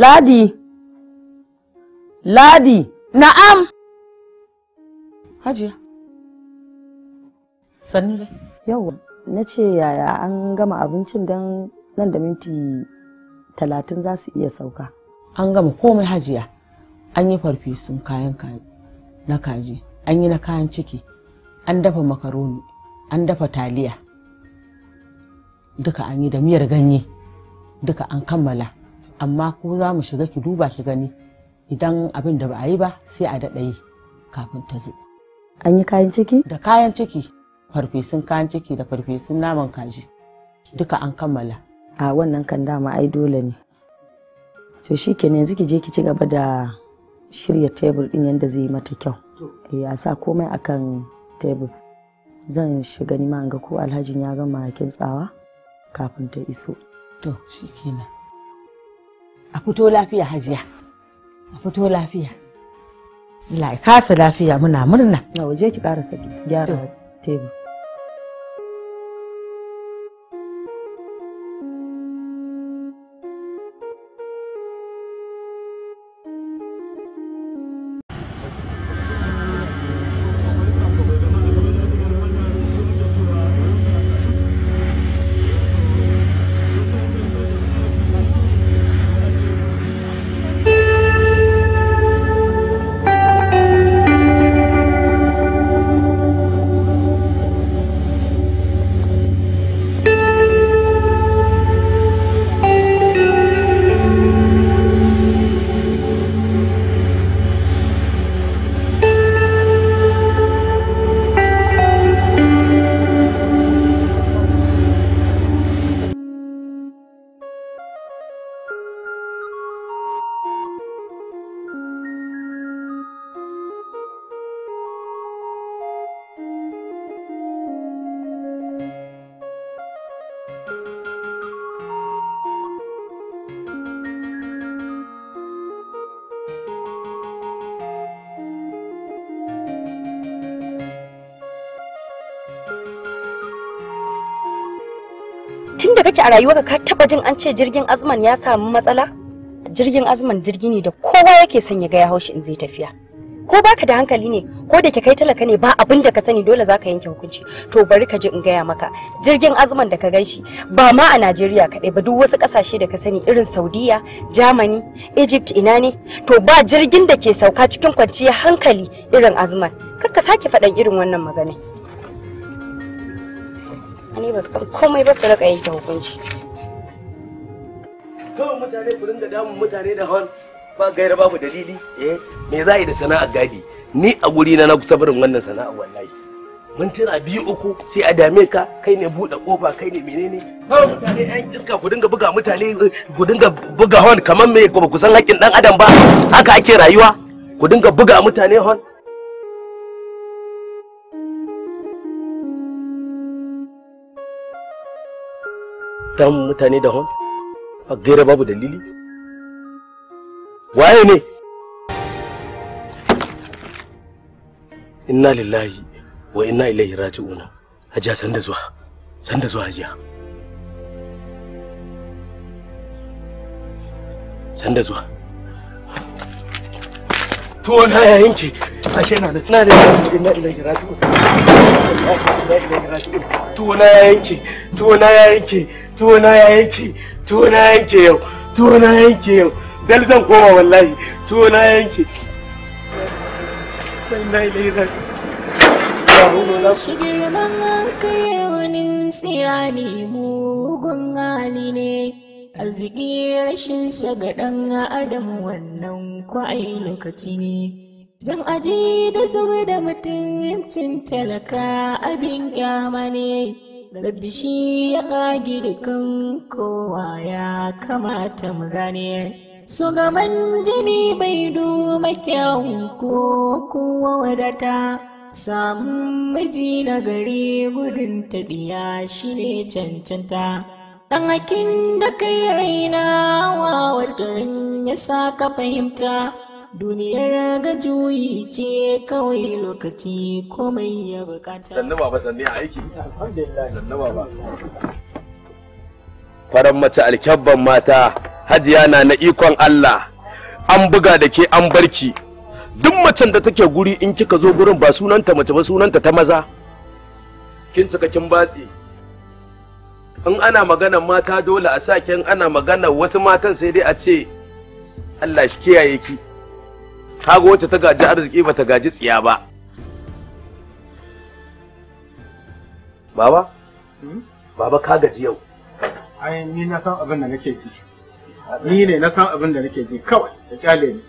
Ladi. Ladi. Na'am. Hajiya. Sannu dai. Yawwa, na ce yaya an gama abincin don nan da minti talatin za su iya sauka. An gama komai hajiya. An yi farfesun kayan na kaji, an yi na kayan ciki, an dafa makaroni, an dafa taliya. Duka an yi da miyar ganye, duka an kammala. amma ko za mu shiga ki duba ki gani idan abin da ba a yi ba sai a daɗa yi kafin ta zo an yi kayan ciki da kayan ciki farfesun kayan ciki da farfesun naman kaji duka an kammala a wannan kan dama ai dole ne to shi ke yanzu ki je ki ci gaba da shirya tebur ɗin yadda zai yi mata kyau ya eh, sa komai akan tebur zan shiga ni ga ko alhajin ya gama kintsawa kafin ta iso to shi kenan a fito lafiya hajiya a fito lafiya Allah kasa lafiya muna murna na waje ki ƙara saki gyara tebur tun da kake a rayuwarka ka taba jin an ce jirgin azman ya samu matsala jirgin azman jirgi ne da kowa yake son ya ga ya haushi in zai tafiya ko baka da hankali ne ko da ke kai talaka ne ba abin da ka sani dole zaka yanke hukunci to bari ka ji in gaya maka jirgin azman da ka ganshi ba ma a Najeriya kaɗai ba duk wasu ƙasashe da ka sani irin Saudiya, Germany, Egypt ina ne to ba jirgin da ke sauka cikin kwanciyar hankali irin azman kar ka sake faɗan irin wannan magana mutane ba san komai ba su rika yanke hukunci kawai mutane ku ringa damun mutane da hon ba gaira babu dalili eh me za yi da sana'ar gadi ni a guri na na kusa wannan sana'a wallahi mintuna biyu uku sai a dame ka kai ne buɗe kofa kai ne menene kawai mutane yan iska ku dinga buga mutane eh, ku dinga buga hon kamar me ku san haƙƙin dan adam ba haka ake rayuwa ku dinga buga mutane hon dan mutane da hon a gaira babu dalili waye ne inna lillahi wa inna ilaihi raji'una hajiya san da zuwa san da zuwa hajiya san da zuwa to na yayinki ashe na da tana da inna ilaihi raji'una tuna ya yanke tuna ya yanke tuna ya yanke tuna ya yanke yau tuna ya yanke yau dal zan koma wallahi tuna ya yanke Shigirman hankali raunin tsirani mugun hali ne, arziki rashinsa ga ɗan adam wannan kwa'ai lokaci ne. Jan aji da zuru da mutuncin talaka abin kyama ne, rabbi shi ya ƙagi dukan kowa ya kamata mu gane. Su gaban jini bai duma kyawun ko kowa wadata, samun miji na gari gudun taɗiya shi ne cancanta. Ɗan hakin da kai raina wa wadarin ya sa ka fahimta. duniyar ga juyi ce kawai lokaci komai ya bukata sannu baba sannu ya aiki sannu baba faran mace alkyabban mata hajiya na na ikon Allah an buga da ke an barki duk macen da take guri in kika zo gurin ba sunanta mace ba sunanta ta maza kin cika kin batse in ana magana mata dole a sa kin ana magana wasu matan sai dai a ce Allah shi kiyaye ki kaga wacce ta gaji arziki ba ta gaji tsiya ba baba hmm? baba ka gaji yau ai ni na san abin da nake ji ni ne na san abin da nake ji kawai da kyale ni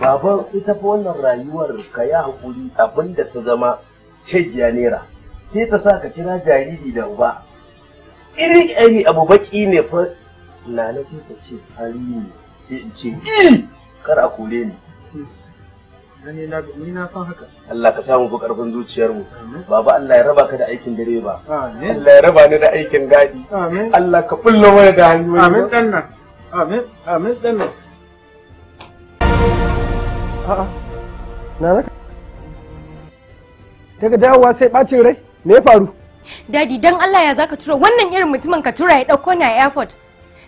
baba ita fa wannan rayuwar ka ya hakuri abin da ta zama shejiya nera sai ta sa ka kira jariri da uba irin iri abu baki ne fa lalace ta ce hali ne sai in ce eh, kar a kore ni ni na san haka Allah ka samu ku karfin zuciyarmu baba Allah ya raba ka da aikin direba amin Allah ya raba ni da aikin gadi amin Allah ka kullo mana da hanyoyi amin dan nan amin amin dan nan a'a daga dawowa sai bacin rai me ya faru dadi dan Allah ya zaka tura wannan irin mutumin ka tura ya dauko ni a airport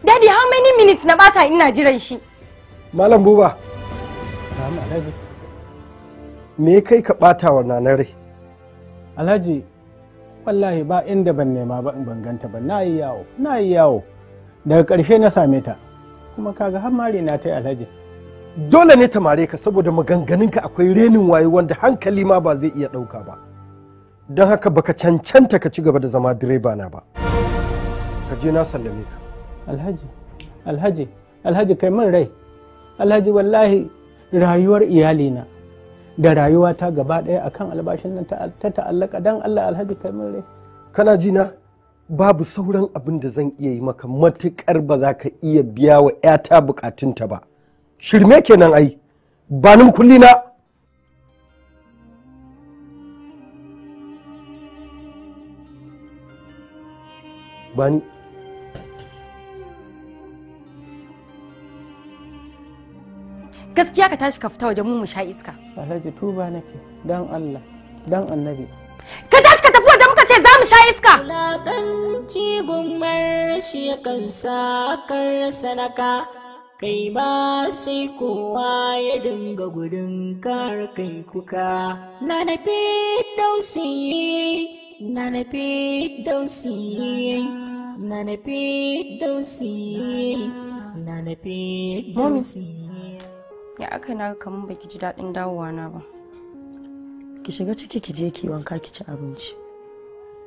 dadi how many minutes na bata ina jiran shi malam buba salamu alaikum me kai ka ɓata wa nana rai alhaji wallahi ba inda ban nema ba in banganta ba na yi yawo na yi yawo daga ƙarshe na same ta kuma kaga har mare na ta yi alhaji dole ne ta mare ka saboda maganganun ka akwai renin wayo wanda hankali ma ba zai iya ɗauka ba don haka baka cancanta ka ci gaba da zama direba na ba ka je na sallame ka alhaji alhaji alhaji kai min rai alhaji wallahi rayuwar iyalina da rayuwata gaba ɗaya akan albashin nan ta ta'allaka don Allah alhaji kai kana ji babu sauran abin da zan iya yi maka matuƙar ba za ka iya biya wa 'yata bukatunta ba shirme kenan ai ba nan kulli na bani gaskiya ka tashi ka fita waje mu mu sha iska alhaji tuba nake dan Allah dan annabi ka tashi ka tafi waje muka ce za mu sha iska lakanci gummar shi yakan sa kar sanaka kai ma sai kowa ya dinga gudun kar kai kuka na nafi dausi na nafi dausi na nafi dausi na nafi dausi ya aka na kamar baki ji daɗin dawowa na ba ki shiga ciki ki je ki wanka ki ci abinci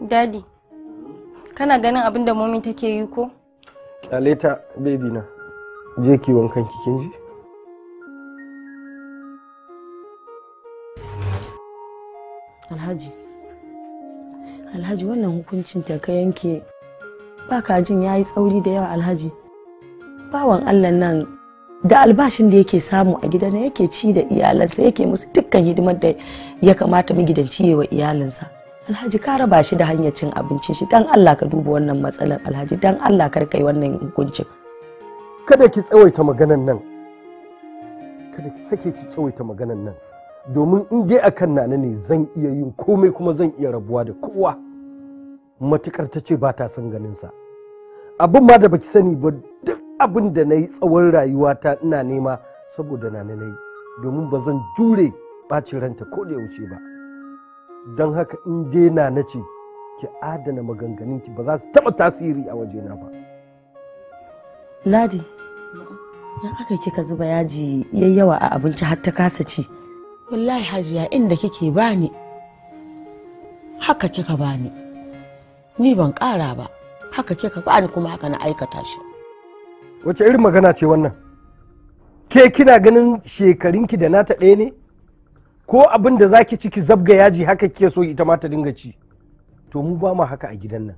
dadi kana ganin abin da momi take yi ko kyaleta baby na je ki wankan ki kin ji alhaji alhaji wannan hukuncin ta ka yanke ba kajin ya yi tsauri da yawa alhaji bawan allah nan da albashin da yake samu a gida na yake ci da iyalansa yake musu dukkan hidimar da ya kamata magidanci wa iyalinsa alhaji ka raba shi da hanyar cin abincin shi dan Allah ka duba wannan matsalar alhaji dan Allah kar kai wannan hukuncin kada ki tsawaita maganan nan kada ki sake ki tsawaita maganan nan domin in dai akan nana ne zan iya yin komai kuma zan iya rabuwa da kowa matukar ta ce ba ta son ganin sa abin ma da baki sani ba duk abin da na yi tsawon rayuwata ina nema saboda na na yi domin ba zan jure bacin ranta ko da yaushe ba don haka in je na na ce ki adana ki ba za su taɓa tasiri a wajena ba ladi ya aka kika zuba yaji yayyawa a abinci har ta kasa ci wallahi hajiya inda kike bani haka kika bani ni ban kara ba haka kika bani kuma haka na aikata shi wace irin magana ce wannan ke kina ganin shekarunki da nata ɗaya ne ko abin da za ki ciki zabga yaji haka ke so ita ma ta dinga ci to mu ba mu haka a gidan nan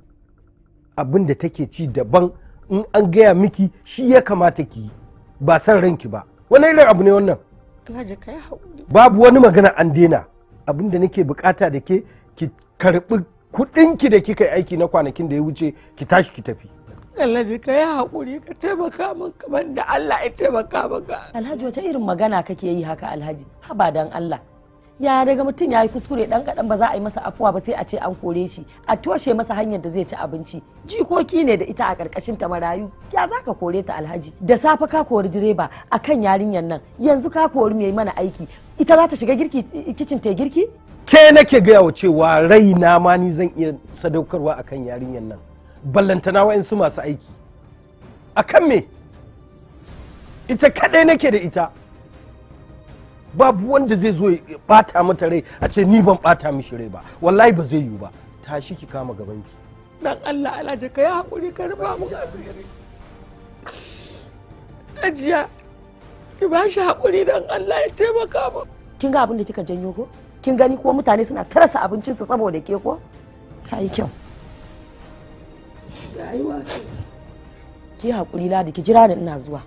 abin da take ci daban in an gaya miki shi ya kamata ki ba san ranki ba wani irin abu ne wannan babu wani magana an daina abin da nake bukata da ke ki karbi kudinki da kika yi aiki na kwanakin da ya wuce ki tashi ki tafi Alhaji ka yi haƙuri ka taimaka min kamar da Allah ya taimaka maka. Alhaji wace irin magana kake yi haka Alhaji? Haba dan Allah. Ya daga mutum ya yi kuskure ɗan kaɗan ba za a yi masa afuwa ba sai a ce an kore shi a toshe masa hanyar da zai ci abinci jikoki ne da ita a ƙarƙashin ta marayu ya za ka kore ta alhaji da safe ka kori direba a kan yarinyar nan yanzu ka kori mai mana aiki ita za ta shiga girki kicin ta girki ke nake gaya wa cewa raina ma ni zan iya sadaukarwa akan yarinyar nan ballantana wa'insu masu aiki a kan me ita kaɗai nake da ita babu wanda zai zo ya ɓata mata rai a ce ni ban ɓata mishi rai ba wallahi ba zai yiwu ba tashi ki kama gabanki dan Allah alhaji ka yi haƙuri ka rufa mu ajiya ki ba shi haƙuri dan Allah ya taimaka mu kin ga abin da kika janyo ko kin gani ko mutane suna tarasa abincinsu saboda ke ko ta yi kyau rayuwa ce ki haƙuri ladi ki jira ni ina zuwa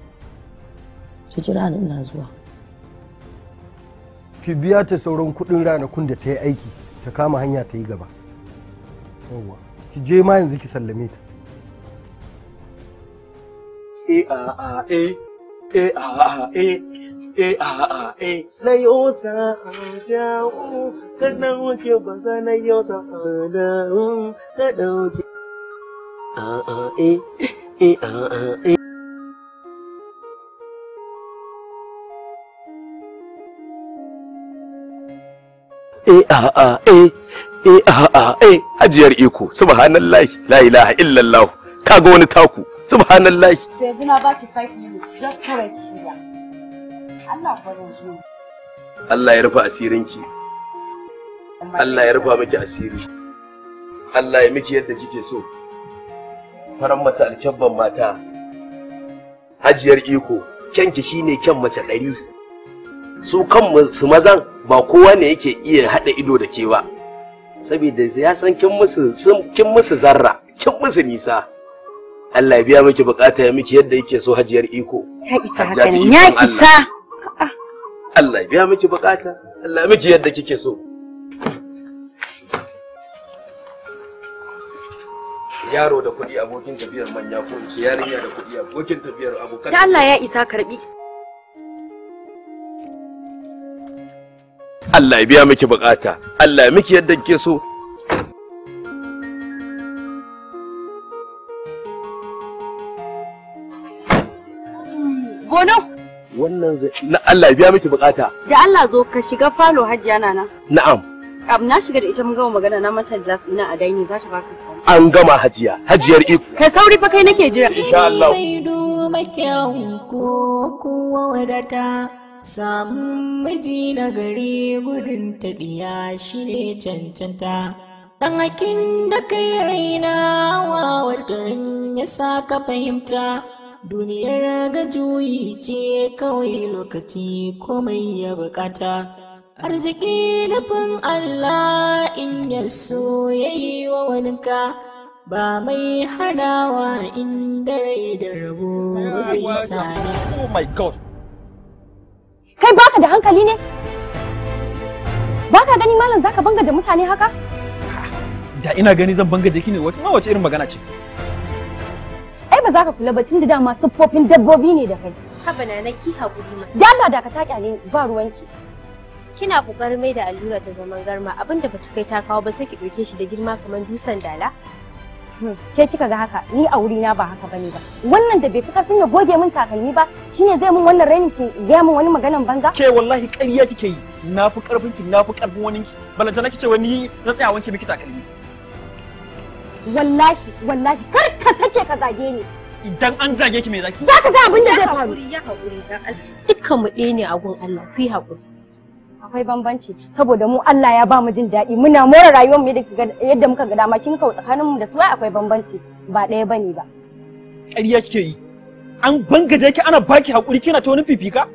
ki jira ina zuwa ki biya ta sauran kuɗin ranakun da ta yi aiki ta kama hanya ta yi gaba yawwa ki je ma yanzu ki sallame ta e a a e e a a e e a a e na a ba na eh A A iko subhanallahi la ilaha illallah wani taku yanzu na baki 5 minutes just correct shi Allah Allah ya rufa asirinki Allah ya rufa miki asiri Allah ya miki yadda kike so farar mace alkyabban mata hajiyar iko kyanki shine kyan mace ɗari su kan su mazan ba kowa ne yake iya haɗa ido da ke ba saboda ya san kin musu kin musu zarra kin musu nisa Allah ya biya miki bukata ya miki yadda yake so hajiyar iko ya isa ya isa Allah ya biya miki bukata Allah ya miki yadda kike so yaro da kuɗi abokin tafiyar manya ko in ce yarinya da kuɗi abokin tafiyar abokan ta Allah ya isa karbi Allah ya biya miki bukata Allah ya miki yadda kike so Bono wannan zai na Allah ya biya miki bukata da Allah zo ka shiga falo hajjiya na na'am na shiga da ita mun gama magana na mata da ina a daini za ta baka an gama hajiya hajiyar iko ka sauri fa kai nake jira insha Allah samun miji na gari gudun taɗiya shi ne cancanta ɗan hakin da kai raina wa wadarin ya sa ka fahimta duniyar ga juyi ce kawai lokaci komai ya bukata arziki nufin Allah in ya so ya yi wa waninka ba mai hanawa in dare da rabo zai sani. Oh my God! Kai baka da hankali ne? Baka gani malam zaka bangaje mutane haka? Da ina gani zan bangaje ki ne wata wace irin magana ce? Ai ba za ka kula ba tun da dama siffofin dabbobi ne da kai. Haba na naki haƙuri ma. Yalla da ka ta kyale ba ruwanki. kina kokarin mai da allura ta zaman garma abinda bata kai ta kawo ba sai ki dauke shi da girma kamar dusan dala hmm, ke kika ga haka ni a wuri na ba haka bane ba wannan da bai fi karfin ya goge min takalmi ba shine zai min wannan rainin ki ga min wani maganan banza ke wallahi ƙarya kike yi na fi karfin ki na fi karfin wani ki balanta na kice wani na tsaya wanke miki takalmi wallahi wallahi kar ka sake ka zage ni idan an zage ki me zaki zaka ga abin da zai faru ya hakuri dan Allah dukkan mu ɗaya ne a gun Allah ku yi haƙuri akwai bambanci saboda mu Allah ya ba mu jin daɗi muna more rayuwar mu yadda muka ga dama kin kawo tsakanin mu da su akwai bambanci ba ɗaya bane ba ƙarya kike yi an bangaje ki ana baki hakuri kina ta wani fifika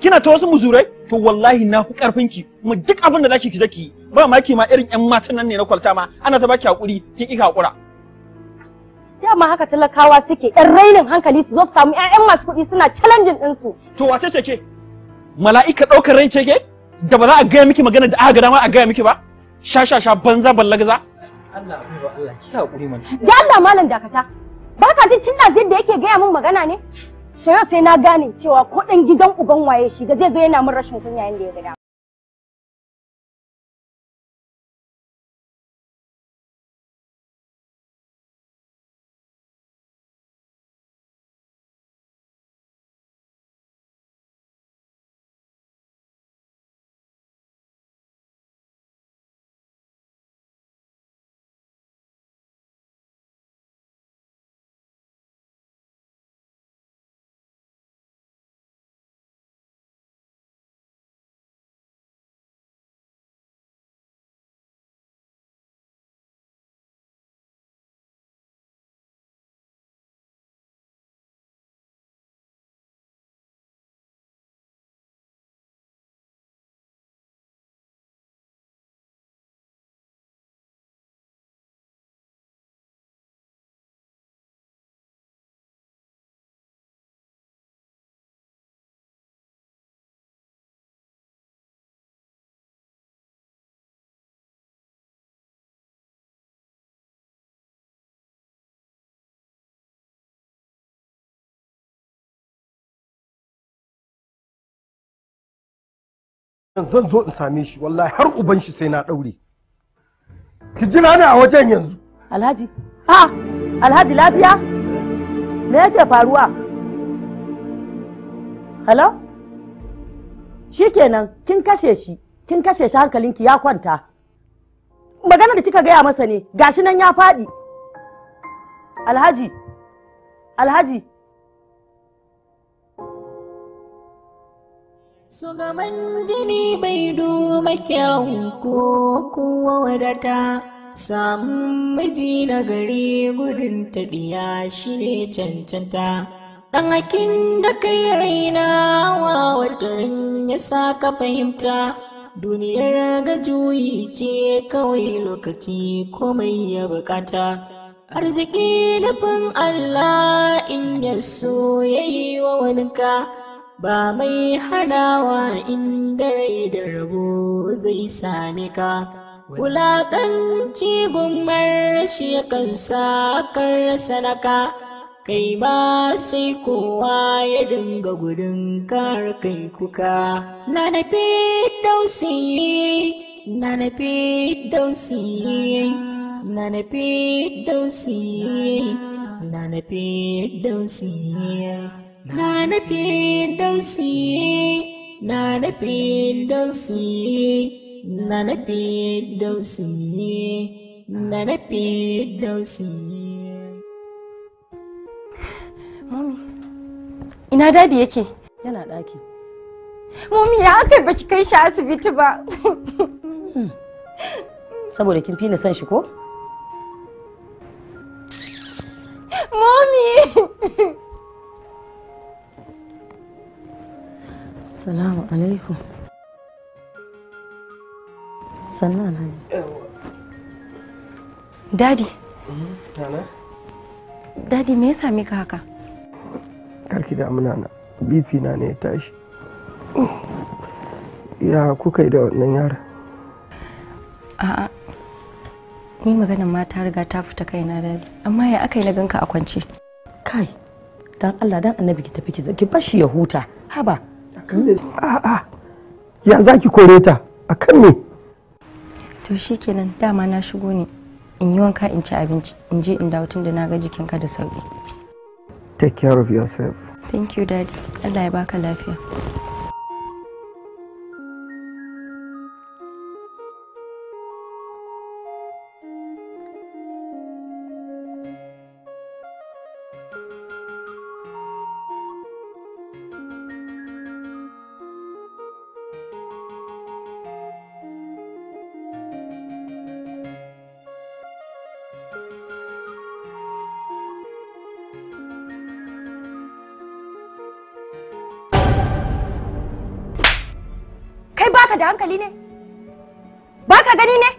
kina ta wasu muzurai to wallahi na fi karfin ki kuma duk abin da zaki ki zaki ba ma ki ma irin ƴan matan nan ne na kwalta ma ana ta baki hakuri kin ki hakura dama haka talakawa suke ɗan rainin hankali su zo su samu ƴaƴan masu kuɗi suna challenging ɗinsu to wace ce ke mala'ika ɗaukar rai ce ke da ba za a gaya miki magana da aka gada dama a gaya miki ba sha sha sha banza ballagaza Allah Allah ki hakuri da Allah malam dakata baka jin tun da yake gaya min magana ne to yau sai na gane cewa ko dan gidan uban waye shi da zai zo yana min rashin kunya yanda ya gada. zan zo in same shi wallahi har uban shi sai na daure ki jira ni a wajen yanzu alhaji ha alhaji lafiya me yake faruwa hello shikenan kin kashe shi kin kashe shi hankalinki ya kwanta Maganar da kika gaya masa ne gashi nan ya faɗi alhaji alhaji Sugaban jini bai duba kyau ko kowa wadata, samun miji na gari gudun taɗiya shi ne cancanta. Ɗan hakin da kai raina wa watarin ya sa ka fahimta, duniyar ga juyi ce kawai lokaci komai ya bukata. arziki nufin Allah in ya so ya yi wa wani ka ba mai hanawa inda rai da rabo zai sami ka wulaƙanci gummar shi kan sakar sanaka kai ba sai kowa ya dinga gudun kar kai kuka na nafi dausi na nafi dausi na nafi dausi na nafi dausi Nana nufin ina dadi yake yana daki mami ya aka baki kai shi asibiti ba hmm. saboda kin fi ni son shi ko alaikum. Sannan Alhaji. Dadi. Mm-hmm. Nana? Dadi me ya sami ka haka? Karki da amina na. Bifi na ne ya tashi. Ya kuka yi da wannan yaron? A'a. Ni maganin mata riga ta fita kaina dadi. Amma ya aka yi na ganka a kwance? Kai, dan Allah dan annabi ki tafi ki zaki bashi ya huta. Haba. Ah, ah. ya za ki kore ta a kan me to shikenan dama na shigo ne in yi wanka in ci abinci in je in dawo tunda na ga jikinka da sauki take care of yourself thank you daddy Allah ya baka lafiya zaka da hankali ne baka gani ne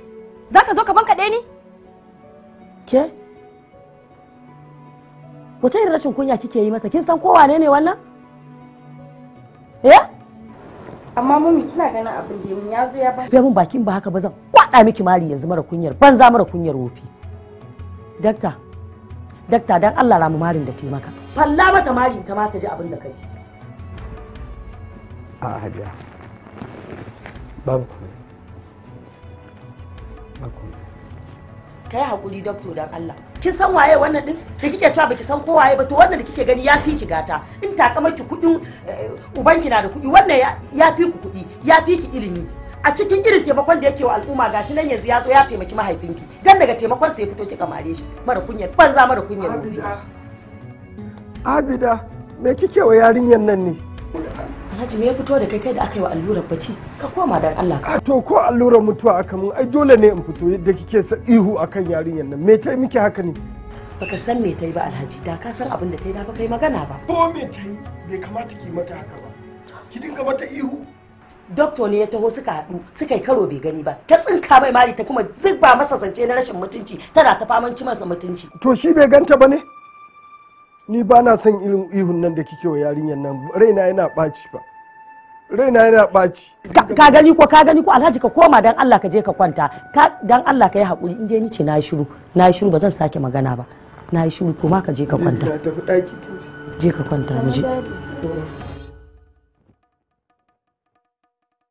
zaka zo ka banka ɗaya ni ke wace irin rashin kunya kike yi masa kin san ko wane ne wannan eh amma mummy kina ganin abin da mun yazo ya ba mun bakin ba haka ba zan kwada miki mari yanzu mara kunyar banza mara kunyar wofi dakta dakta dan Allah ramu marin da taimaka falla mata mari ta ma ta ji abin da kai. a'a hajiya ba ba komai ka yi haƙuri dokto don Allah kin san waye wannan din da kike cewa baki san ko waye ba to wannan da kike gani ya fi ki gata in takamaki kuɗin eh, ubanki na da kuɗi wannan ya fi ku kuɗi ya fi ki ilimi a cikin irin taimakon da yake wa al'umma gashi nan yanzu ya zo ya taimaki mahaifinki dan daga taimakon sai fito ki kamare shi mara kunyar banza mara kunyar abida abida me kike wa yarinyar nan ne Alhaji me ya fito da kai kai da aka yi wa allurar bacci ka koma dan Allah ka. To ko allurar mutuwa aka mun ai dole ne in fito yadda kike sa ihu akan yarinyar nan me tai miki haka ne. Baka san me tai ba Alhaji da ka san abin da tai da ba kai magana ba. Ko me tai bai kamata ki mata haka ba. Ki dinga mata ihu. Doktor ne ya taho suka haɗu suka yi karo bai gani ba ta tsinka mai mari ta kuma zuba masa zance na rashin mutunci tana ta faman cimansa mutunci. To shi bai ganta ba ne? ni ba na son irin ihun nan da kike wa yarinyar nan raina yana ɓaci ba raina yana ɓaci ka gani ko ka gani ko alhaji ka koma dan Allah ka je ka kwanta dan Allah ka yi hakuri inda ni ce na yi shiru na yi shiru ba zan sake magana ba na yi shiru koma ka je ka kwanta je ka kwanta mu je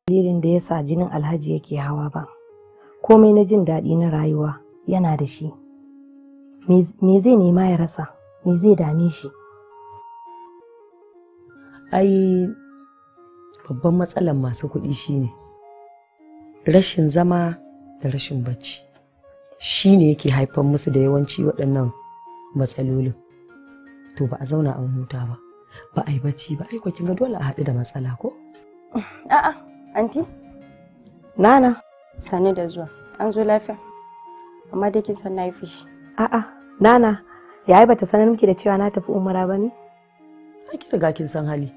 dalilin da yasa jinin alhaji yake hawa ba komai na jin daɗi na rayuwa yana da shi me zai nema ya rasa me zai dame shi ai babban matsalar masu kuɗi shine rashin zama da rashin bacci shine yake haifar musu da yawanci waɗannan matsalolin to ba a zauna an huta ba ba a yi bacci ba ai kin ga dole a haɗu da matsala ko a'a anti nana sani da zuwa an zo lafiya amma dai kin san na yi fushi a'a nana yayi bata sanar miki da cewa na tafi umara ba ne ai ki riga kin san hali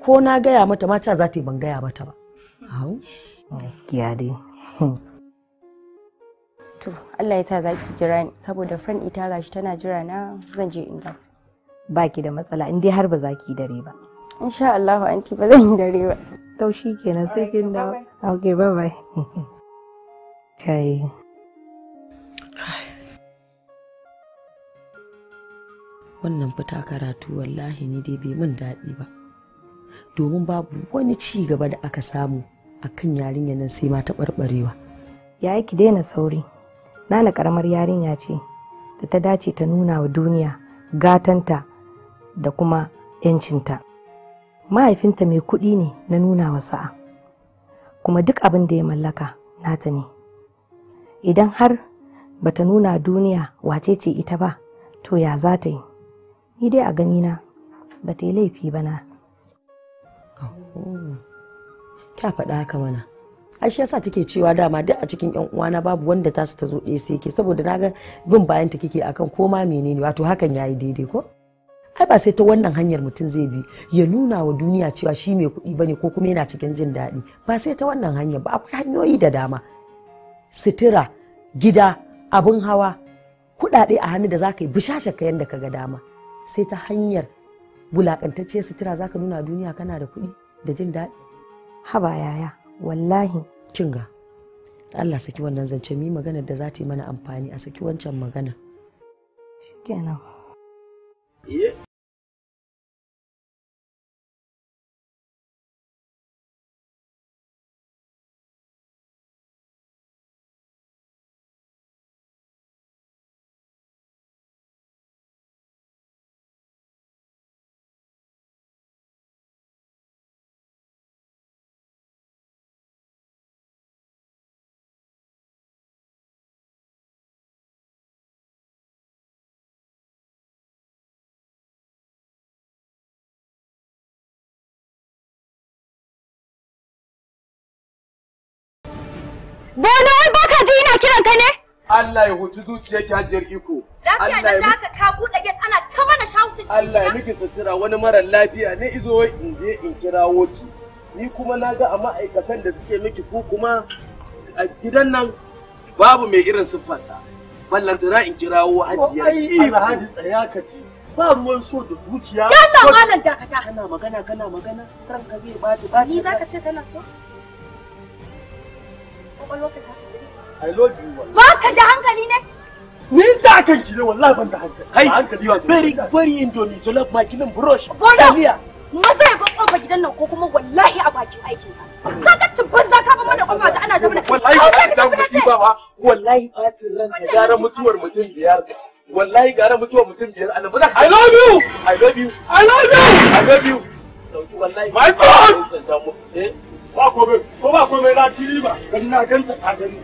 ko na gaya mata ma za ta yi ban gaya mata ba gaskiya dai to Allah ya sa za ki jira ni saboda friend ita gashi tana jira na zan je in dawo ki da matsala in dai har ba za ki dare ba sha Allah anti ba zan yi dare ba to kenan sai kin dawo okay bye bye kai wannan fita karatu wallahi ni dai bai min daɗi ba domin babu wani ci gaba da aka samu akan kan yarinya nan sai ma ta barbarewa yi ki daina sauri nana karamar yarinya ce da ta dace ta nuna wa duniya gatanta da kuma 'yancinta mahaifinta mai kuɗi ne na nuna wa sa'a kuma duk abin da ya mallaka nata ne idan har bata nuna duniya wacece ita ba to ya za ta yi ni dai a ganina ba ta yi laifi ba na ta faɗa haka mana ai shi yasa take cewa dama duk a cikin yan uwana babu wanda ta su ta zo ɗaya sai ke saboda na ga bin bayan ta kike akan koma menene wato hakan ya yi daidai ko ai ba sai ta wannan hanyar mutum zai bi ya nuna wa duniya cewa shi mai kuɗi bane ko kuma yana cikin jin daɗi ba sai ta wannan hanyar ba akwai hanyoyi da dama sutura gida abun hawa kuɗaɗe a hannu da za ka yi bishashar ka yadda ka ga dama sai ta hanyar wulaƙantacciyar sutura za ka nuna duniya kana da kuɗi da jin daɗi haba yaya wallahi kinga Allah saki wannan zancen mi magana da za ta yi mana amfani a saki wancan magana. kenan Bono wai baka ji ina kiran ka ne? Allah ya huci zuciyarki hajiyar iko. Lafiya na ta ka buɗe get ana ta mana shawutin cikin Allah ya miki sutura wani mara lafiya ne izo wai in je in kirawo ki. Ni kuma na ga a ma'aikatan da suke miki ko kuma a gidan nan babu mai irin siffarsa. Ballantana in kirawo hajiyar iko. Ai Alhaji tsaya ka ce. Ba ruwan so da dukiya. Yalla malam dakata. Kana magana kana magana ranka zai ɓaci ɓaci. Ni zaka ka ce kana so? I love da hankali ne? Ni da kan ki ne wallahi ban da hankali. Hai, Very very indomie jollof makilin brush. Taliya. Maza ya bakon ba gidan nan ko kuma wallahi a bakin aikin ka. za ka ba mana kwamma ta ana ta Wallahi ba ta musiba ba. Wallahi bacin ranka gara mutuwar mutum biyar. Wallahi gara mutuwar mutum biyar. Allah ba I love you. I love you. I love you. I love you. wallahi. My God. ba komai ko ba komai na ci riba dan na ganta ta gani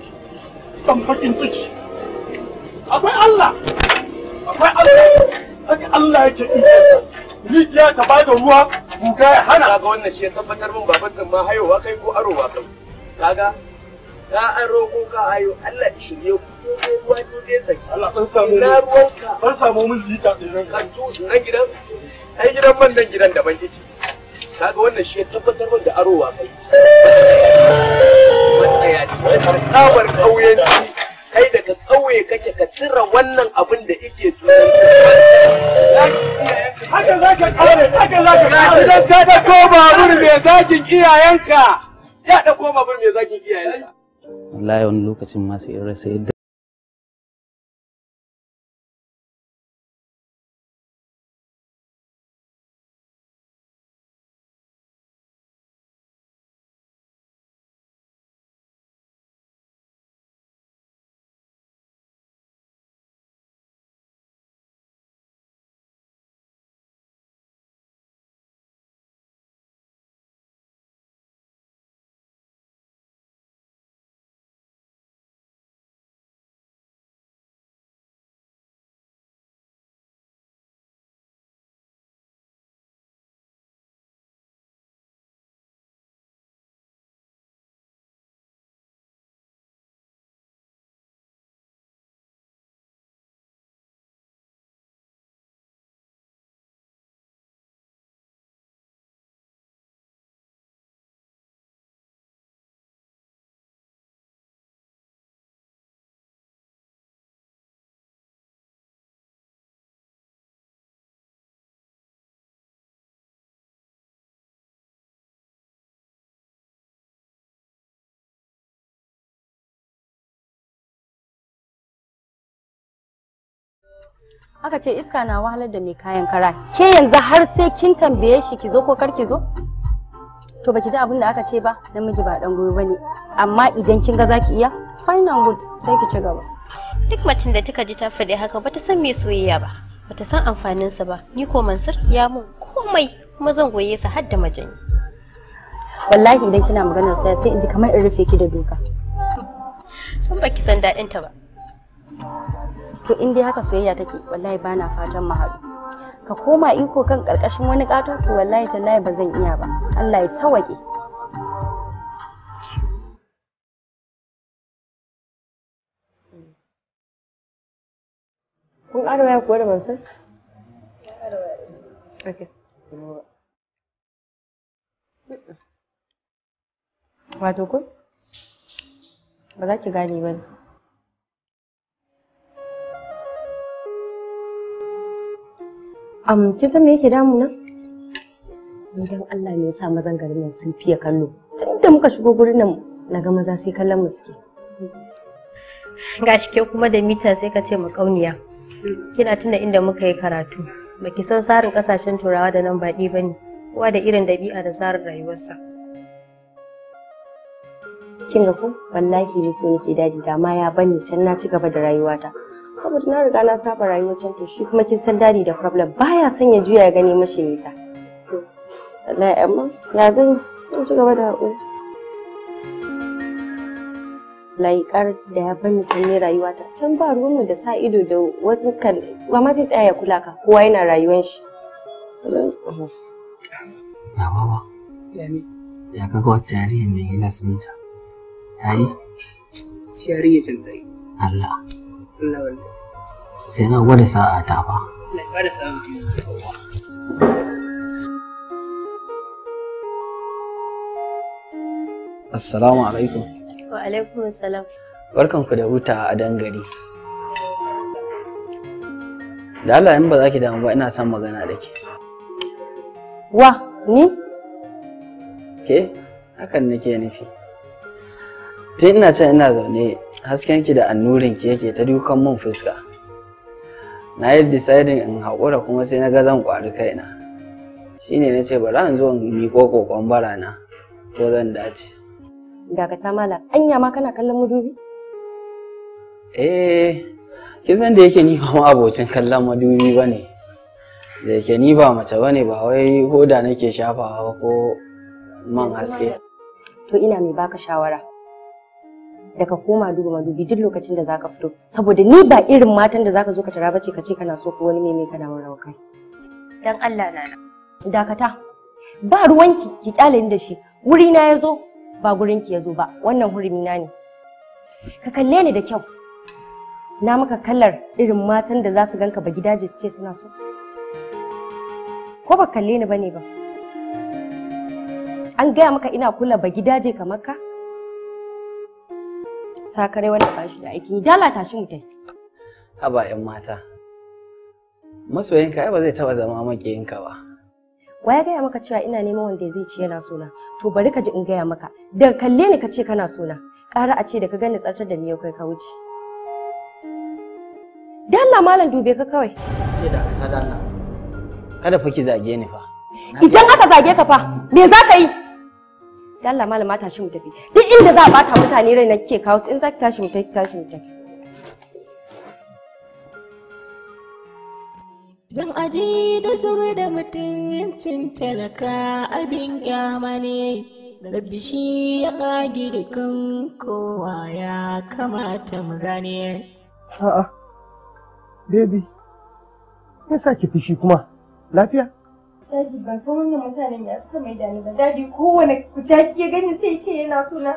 dan bakin ciki akwai Allah akwai Allah haka Allah yake iko rijiya ta bada ruwa guga ya hana kaga wannan shi ya tabbatar min baban din ma hayowa kai ko arowa kai kaga Ya aro ko ka hayo Allah ya shirye ku ko ruwa ko dai tsaki Allah dan samu ina ruwanka dan samu mun lita din ranka kan tu gidan ai gidan man nan gidan da ban yake kaga wannan shi ya tabbatar min da arowa kai matsayaci sakar kabar ƙauyenci kai daga ƙauye kake ka cire wannan abin da ike turanci haka za ka ƙare haka za ka kare! idan ka ɗauko babur mai zakin iyayenka ya ɗauko babur mai zagin iyayensa wallahi wani lokacin masu irin sai aka ce iska na wahalar da mai kayan kara ke yanzu har sai kin tambaye shi ki zo ko kar ki zo to baki ji abin da aka ce ba namiji ba dan goyo bane amma idan kin ga zaki iya fine and good sai ki ci gaba duk macin da kika ji ta faɗi haka bata san me soyayya ba bata san amfanin sa ba ni ko Mansur ya mun komai kuma zan goye sa har da majani wallahi idan kina maganar sa sai in ji kamar in rufe ki da doka tun baki san daɗin ta ba to in dai haka soyayya take wallahi bana fatan mu haɗu ka koma iko kan ƙarƙashin wani ƙato to wallahi tallahi ba zan iya ba Allah ya sawaƙe kun ƙara waya kuwa da ban san? Wato kun? Ba za ki gane ba ne. Um, kin san me yake damuna? Idan Allah ne ya sa mazan garin nan sun fiye kallo. tunda muka shigo gurin nan na ga maza sai kallon mu suke. Gashi ke kuma da mita sai ka ce kauniya Kina tuna inda muka yi karatu. Baki san tsarin kasashen turawa da nan baɗi ba ne. Kowa da irin dabi'a da tsarin rayuwarsa. Kin ga ko wallahi ne so nake daji da ma ya bani can na ci gaba da rayuwata. saboda na riga na saba rayuwar can to shi kuma kin san dadi da problem baya son ya juya ya gane mashi nisa wallahi amma ya zan in ci gaba da haƙuri laikar da ya bani can ne rayuwa ta can ba ruwanmu da sa ido da wani kan ba ma sai tsaya ya kula ka kowa yana rayuwar shi ya wawa ya ga wacce yarinya mai gina sunta ta yi yarinya can ta yi Allah sai na gwada sa'a ta fa Assalamu alaikum. Wa alaikum assalam. Barkan ku da huta a dangare. Da Allah in ba za ki damu ba ina son magana da ke. Wa ni? Ke? Hakan nake nufi. tun ina can ina zaune hasken ki da annurin ki yake ta dukan mun fuska na yi deciding in haƙura kuma sai na ga zan ƙwari kaina shine na ce bari in zo in miƙo kokon barana ko zan dace dakata mala anya ma kana kallon madubi eh kin san da yake ni ba ma abocin kallon madubi bane da yake ni ba mace ne ba wai hoda nake shafawa ba ko man haske to ina mai baka shawara da ka koma duba madubi duk lokacin da zaka fito saboda ni ba irin matan da zaka zo ka tara bace ka ce kana so ko wani meme kana rawa kai dan Allah nana dakata ba ruwanki ki kyale da shi wuri na yazo ba gurin ki yazo ba wannan hurumi na ne ka kalle ni da kyau na maka kallar irin matan da za su ganka ba gidaje su ce suna so ko ba kalle ni bane ba an gaya maka ina kula ba gidaje kamar ka sakarai wanda ba shi da aikin yi dala tashi mutai haba yan mata masoyinka ai ba zai taba zama makiyinka ba wa ya gaya maka cewa ina neman wanda zai ci yana sona to bari ka ji in gaya maka daga kalle ni ka ce kana sona ƙara a ce da ka gani tsartar da yau kai ka wuce dalla malam dube ka kawai da ka dalla kada fa ki zage ni fa idan aka zage ka fa me za ka yi Dan Allah malama tashi mu tafi duk inda za a bata mutane rai na kike kawo in za ki tashi mu tafi tashi mu tafi Zan aji da zuru da mutuncin talaka abin kyama ne, rabbi shi ya ƙagi da kan kowa ya kamata mu gane. A'a, baby, me sa ki fushi kuma, lafiya? Daddy ban san wannan mutanen ya suka mai dani ba. Daddy kowane kucaki ya gani sai ce yana suna.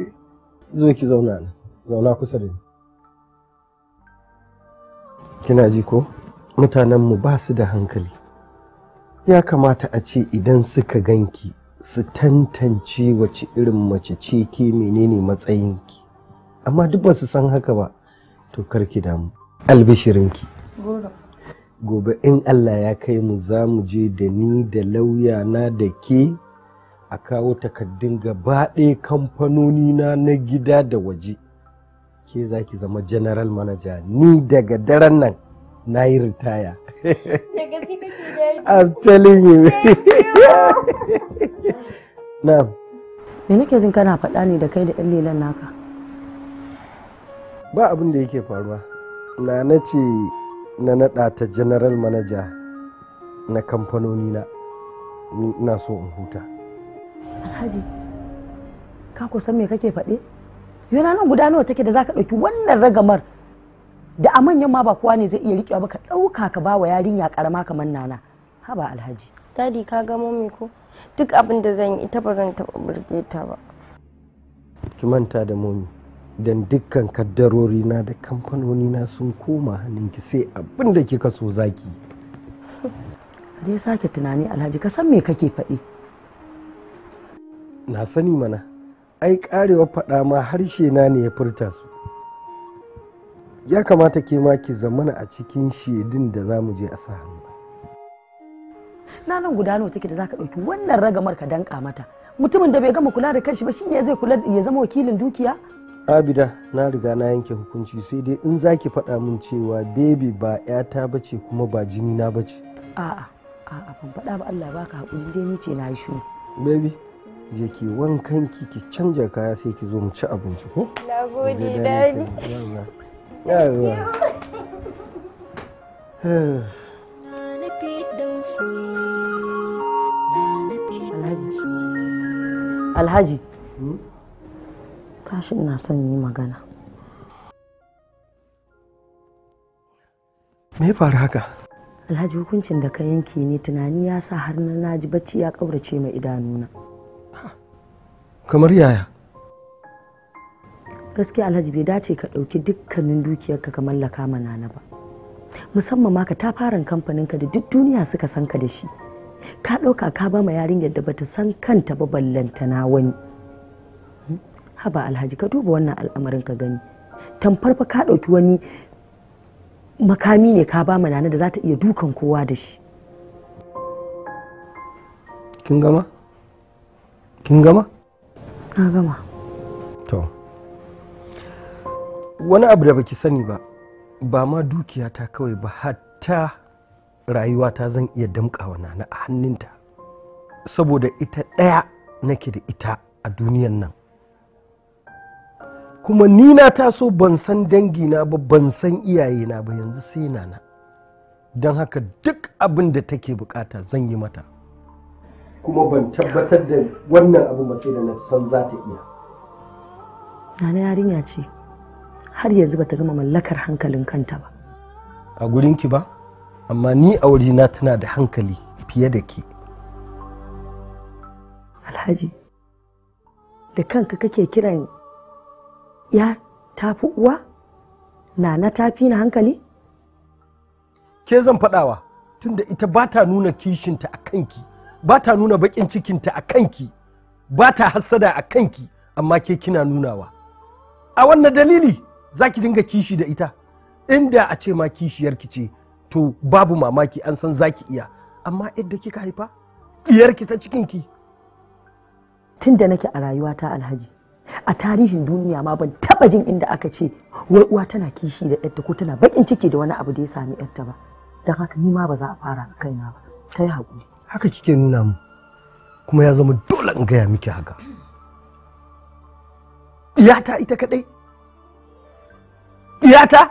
Zo ki zauna nan. Zauna kusa da ni. Kina ji ko? Mutanenmu ba su da hankali. Ya kamata a ce idan suka ganki su tantance wace irin mace ce ke menene matsayinki. Amma duk ba su san haka ba. To kar ki damu. Albishirinki. Goro. gobe in Allah ya kai mu za mu je da ni da lauya na da ke a kawo takardun gaba ɗaya kamfanoni na na gida da waje ke za ki zama general manager ni daga daren nan na yi ritaya I'm telling you na me nake jin kana faɗa ne da kai da ɗan lelan naka ba abin da yake faruwa na na ce na nada ta general manager na kamfanoni na ina so in huta alhaji ka ku me kake faɗe yana nan guda nawa take da zaka ɗauki wannan ragamar da a manyan ma ba kowa ne zai iya rikewa ba ka ɗauka ka ba wa yarinya ƙarama kamar nana haba alhaji dadi ka ga mami ko duk abin da zan yi ita ba zan taɓa burge ba ki manta da momi don dukkan kaddarori na da kamfanoni na sun koma hannunki sai abin da kika so zaki ya sake tunani alhaji ka san me kake faɗi na sani mana ai karewa faɗa ma harshe na ne ya furta su ya kamata ke ma ki zamana a cikin shedin da za mu je a sa hannu na nan gudano take da zaka ɗauki wannan ragamar ka danka mata mutumin da bai gama kula da kanshi ba shine zai kula ya zama wakilin dukiya abida na riga na yanke hukunci sai dai in za ki faɗa min cewa baby ba 'yata ba ce kuma ba jini na ba ce a'a a ban faɗa ba allah baka haƙuri dai ni ce na yi shuru baby je ki wankan ki ki canja kaya sai ki zo mu ci abinci ko alhaji hmm? tashi ina son yi magana me faru haka alhaji hukuncin da ka yanke ne tunani ya sa har na naji bacci ya ƙaurace mai idanuna kamar yaya gaskiya alhaji bai dace ka ɗauki dukkanin dukiyarka ka mallaka mana na ba musamman ma ka kamfanin kamfaninka da duk duniya suka san ka da shi ka ɗauka ka ba ma yarinyar da bata san kanta ba ballanta wani haba alhaji ka duba wannan al'amarin ka gani tamfar fa ka ɗauki wani makami ne ka ba nana da za ta iya dukan kowa da shi kin gama kin gama na gama to wani abu da baki sani ba ba ma dukiyata kawai ba hatta rayuwata zan iya damƙawa nana a hannunta saboda ita ɗaya nake da ita a duniyan nan kuma ni na taso ban san dangina ba ban san iyayena ba yanzu sai nana don haka duk abin da take bukata zan yi mata kuma ban tabbatar da wannan abu ba sai da na san za ta iya nana yarinya ce har yanzu bata gama mallakar hankalin kanta ba a gurinki ba amma ni a wurina tana da hankali fiye da ke alhaji da kanka kake kiran ya tafi uwa nana tafi na hankali ke zan faɗawa tunda ita ba ta nuna kishinta a kanki ba ta nuna baƙin cikinta a kanki ba ta hassada a kanki amma ke kina nunawa a wannan dalili za ki dinga kishi da ita inda a ce ma kishiyarki ce to babu mamaki an san za ki iya amma yadda kika haifa diyarki ta cikinki tun nake a rayuwata alhaji a tarihin duniya ma ban taba jin inda aka ce wai uwa tana kishi da yarta ko tana bakin ciki da wani abu da ya sami yarta ba don haka ni ma ba za a fara a kaina ba Ta yi haƙuri. haka kike nuna mu kuma ya zama dole in gaya miki haka iyata ita kadai iyata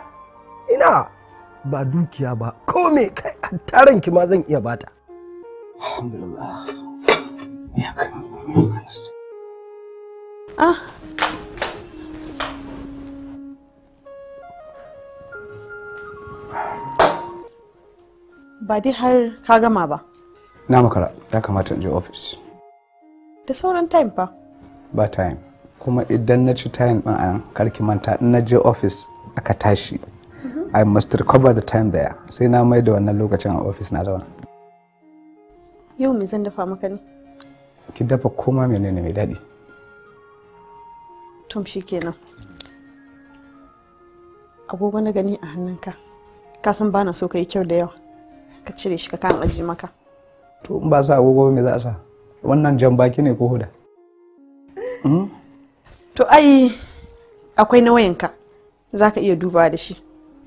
ina ba dukiya ba ko me kai a taron ki ma zan iya bata alhamdulillah ya kai 啊。ba ah. Ba dai har ka gama ba. Na makara, ya kamata in je ofis. Da sauran time fa? Ba time. Kuma idan na ci time ɗin a karki manta in na je ofis aka tashi. I must recover the time there. Sai na mai da wannan lokacin a ofis na zauna. Yau me zan dafa maka ne? Ki dafa koma menene mai daɗi. tom kenan agogo na gani a hannunka ka san bana so ka yi kyau da yawa ka cire shi ka kan aje maka to in ba sa agogo me za a sa wannan jan baki ne ko huda hmm? to ai akwai na wayanka zaka iya duba da shi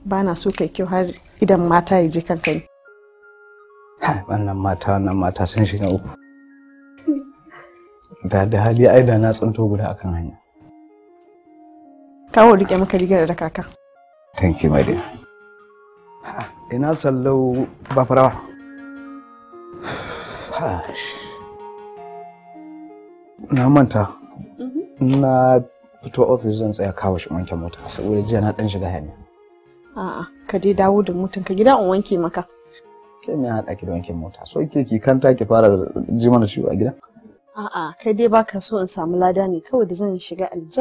bana so ka yi kyau har idan mata ya je kanka ne wannan mata wannan mata sun shiga uku da da hali ai da na tsanto guda akan hanya kawo rike maka rigar da kaka thank you my dear ina sallau ba farawa na manta mhm. na fito ofis zan tsaya kawo shi wanke mota saboda jiya na dan shiga hanya a'a ka dai dawo da motan ka gida in wanke maka Ke ne haɗa ki da wanke mota so ke ki kanta ki fara ji mana shi a gida a'a kai dai baka so in samu lada ne kawai da zan shiga aljanna